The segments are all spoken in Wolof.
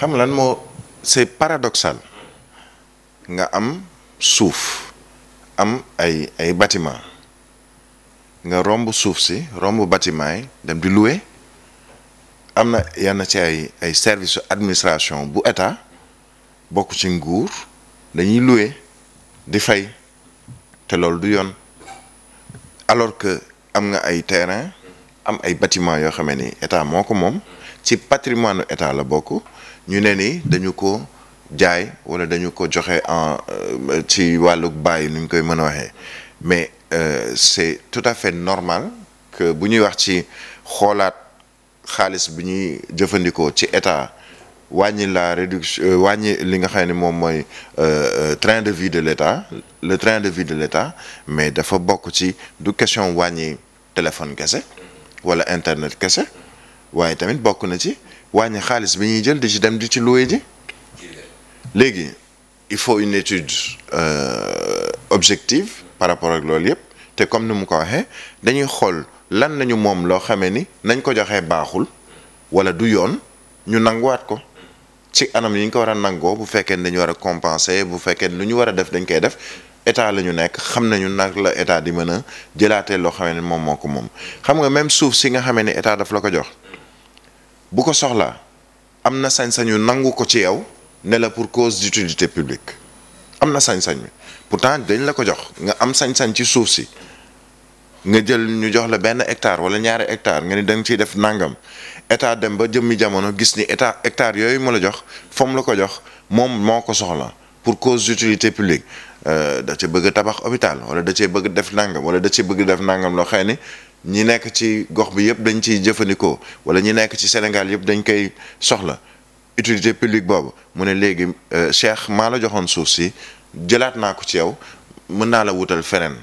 xam lan moo c'est paradoxal nga am suuf am ay ay bâtiment nga romb suuf si romb bâtiment yi dem di louer am na yenn ci ay ay service administration bu état bokk ci nguur dañuy louer di fay te loolu du yoon alors que am nga ay terrain am ay bâtiment yoo xam ne ni état moo ko moom ci patrimoine état la bokk ñu ne ni dañu ko jaay wala dañu ko joxe en euh, ci wàllu bàyyi nu ñu koy mën a waxee mais euh, c'est tout à fait normal que bu ñuy wax ci xoolaat xaalis bi ñuy jëfandikoo ci état wàññi la réduction euh, wàññi li nga xam ne moom mooy euh, train de vie de l'état le train de vie de l'état mais dafa bokk ci du question wàññi téléphone kese wala internet kese waaye tamit bokk na ci wàññi xaalis bi ñuy jël di ci dem di ci loué ji léegi il faut une étude euh, objective par rapport ak loolu yëpp te comme ni mu ko waxee dañuy xool lan nañu moom loo xamee ni nañ ko joxee baaxul wala du yoon ñu nanguwaat ko ci anam yi ñu ko war a nangoo bu fekkee ne dañu war a compenser bu fekkee ne lu ñu war a def dañ koy def état la ñu nekk xam nañu nag la état di mën a jëlaatee loo xamee ni moom moo ko moom xam nga même suuf si nga xamee ni état daf la ko jox bu ko soxlaa am na sañ-sañu nangu ko ci yow ne la pour cause d'utilité publique am na sañ-sañ bi pourtant dañ la ko jox nga am sañ-sañ ci suuf si nga jël ñu jox la benn hectare wala ñaari hectare nga ni da nga ciy def nangam état dem ba jëmmi jamono gis ni état hectare yooyu mu la jox fomm la ko jox moom moo ko soxla pour cause d'utilité publique euh, da cee bëgg tabax hôpital wala da cee bëgg def nangam wala da cee bëgg def nangam loo xëy ni ñi nekk ci gox bi yëpp dañ ciy jëfandikoo wala ñi nekk ci Sénégal yëpp dañ koy soxla utilité publique boobu mu ne léegi euh, Cheikh maa la joxoon suuf si jëlaat naa ko ci yow mën naa la wutal feneen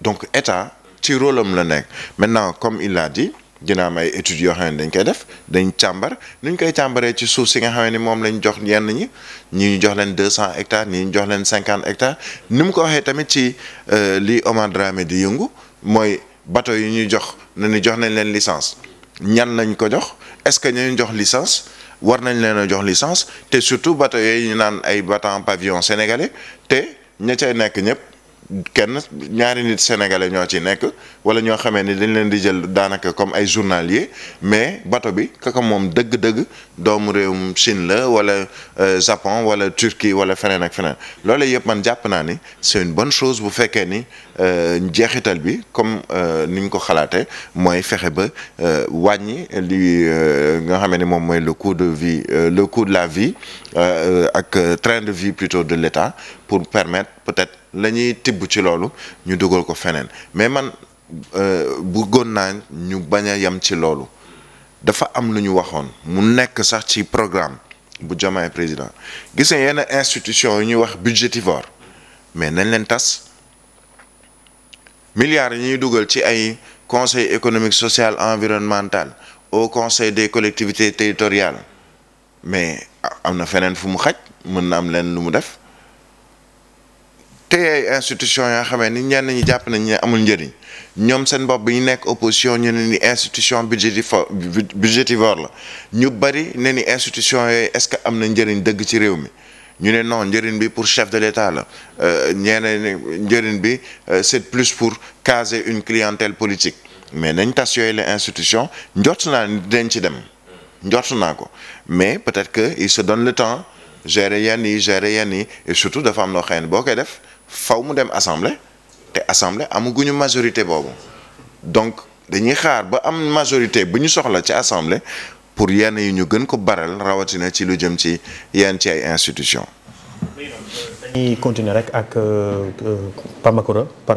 donc état ci rôle am la nekk maintenant comme il l'a dit dina am ay études yoo xam ne dañ koy def dañ càmbar nuñ koy càmbaree ci suuf si nga xam ni moom lañ jox yenn ñi ñi ñu jox leen deux cent hectares ñi ñu jox leen cinquante hectares ni mu ko waxee tamit ci euh, li Omar Dramé di yëngu mooy. bateau yi ñuy jox na ni jox nañ leen licence ñan nañ ko jox est-ce que ñu jox licence war nañ leen a jox licence te surtout bateau yooyu ñu naan ay bateau pavillon sénégalais te ña cay nekk ñëpp. kenn ñaari nit sénégalais ñoo ci nekk wala ñoo xamee ni dañ leen di jël daanaka comme ay journalier mais bato bi kaka moom dëgg-dëgg doomu réew Chine la wala euh, Japon wala Turquie wala feneen ak feneen loole yëpp man jàpp naa ni c'est une bonne chose bu fekkee ni euh, njeexital bi comme euh, ni ñu ko xalaatee mooy fexe ba wàññi li nga xamee ni moom mooy le coût de vie le coût de la vie ak train de vie plutôt de l'État pour permettre peut-être la ñuy tibb ci loolu ñu dugal ko feneen mais man euh, bëggoon naa ñu bañ a yem ci loolu dafa am lu ñu waxoon mu nekk sax ci programme bu Diomaye président gisee yenn institution yi ñuy wax budgétivore mais nañ leen tas milliards yi ñuy dugal ci ay conseil économique social environnemental au conseil des collectivités territoriales mais am na feneen fu mu xaj mën na am leen lu mu def tey institution yoo xamee ni ñeen nañu jàpp nañ ne amul njëriñ ñoom seen bopp bi ñu nekk opposition ñu ne ni institution budgétivore la ñu bari ne ni institution yooyu est-ce que am na njëriñ dëgg ci réew mi ñu ne non njëriñ bi pour chef de l'État la euh, ñeneen njëriñ bi euh, c'est plus pour caser une clientèle politique mais nañ tas yooyu la institution njort naa ni dinañ ci dem njort naa ko mais peut-être que il se donne le temps gérer yenn yi gérer yenn yi surtout dafa am noo xëy boo koy def faw mu dem assemblée te assemblée amaguñu majorité boobu donc dañuy xaar ba am majorité bu ñu soxla ci assemblée pour yenn yi ñu gën ko baral rawatina ci lu jëm ci yenn ci ay institutions. continuer rek ak euh, euh, Pamakura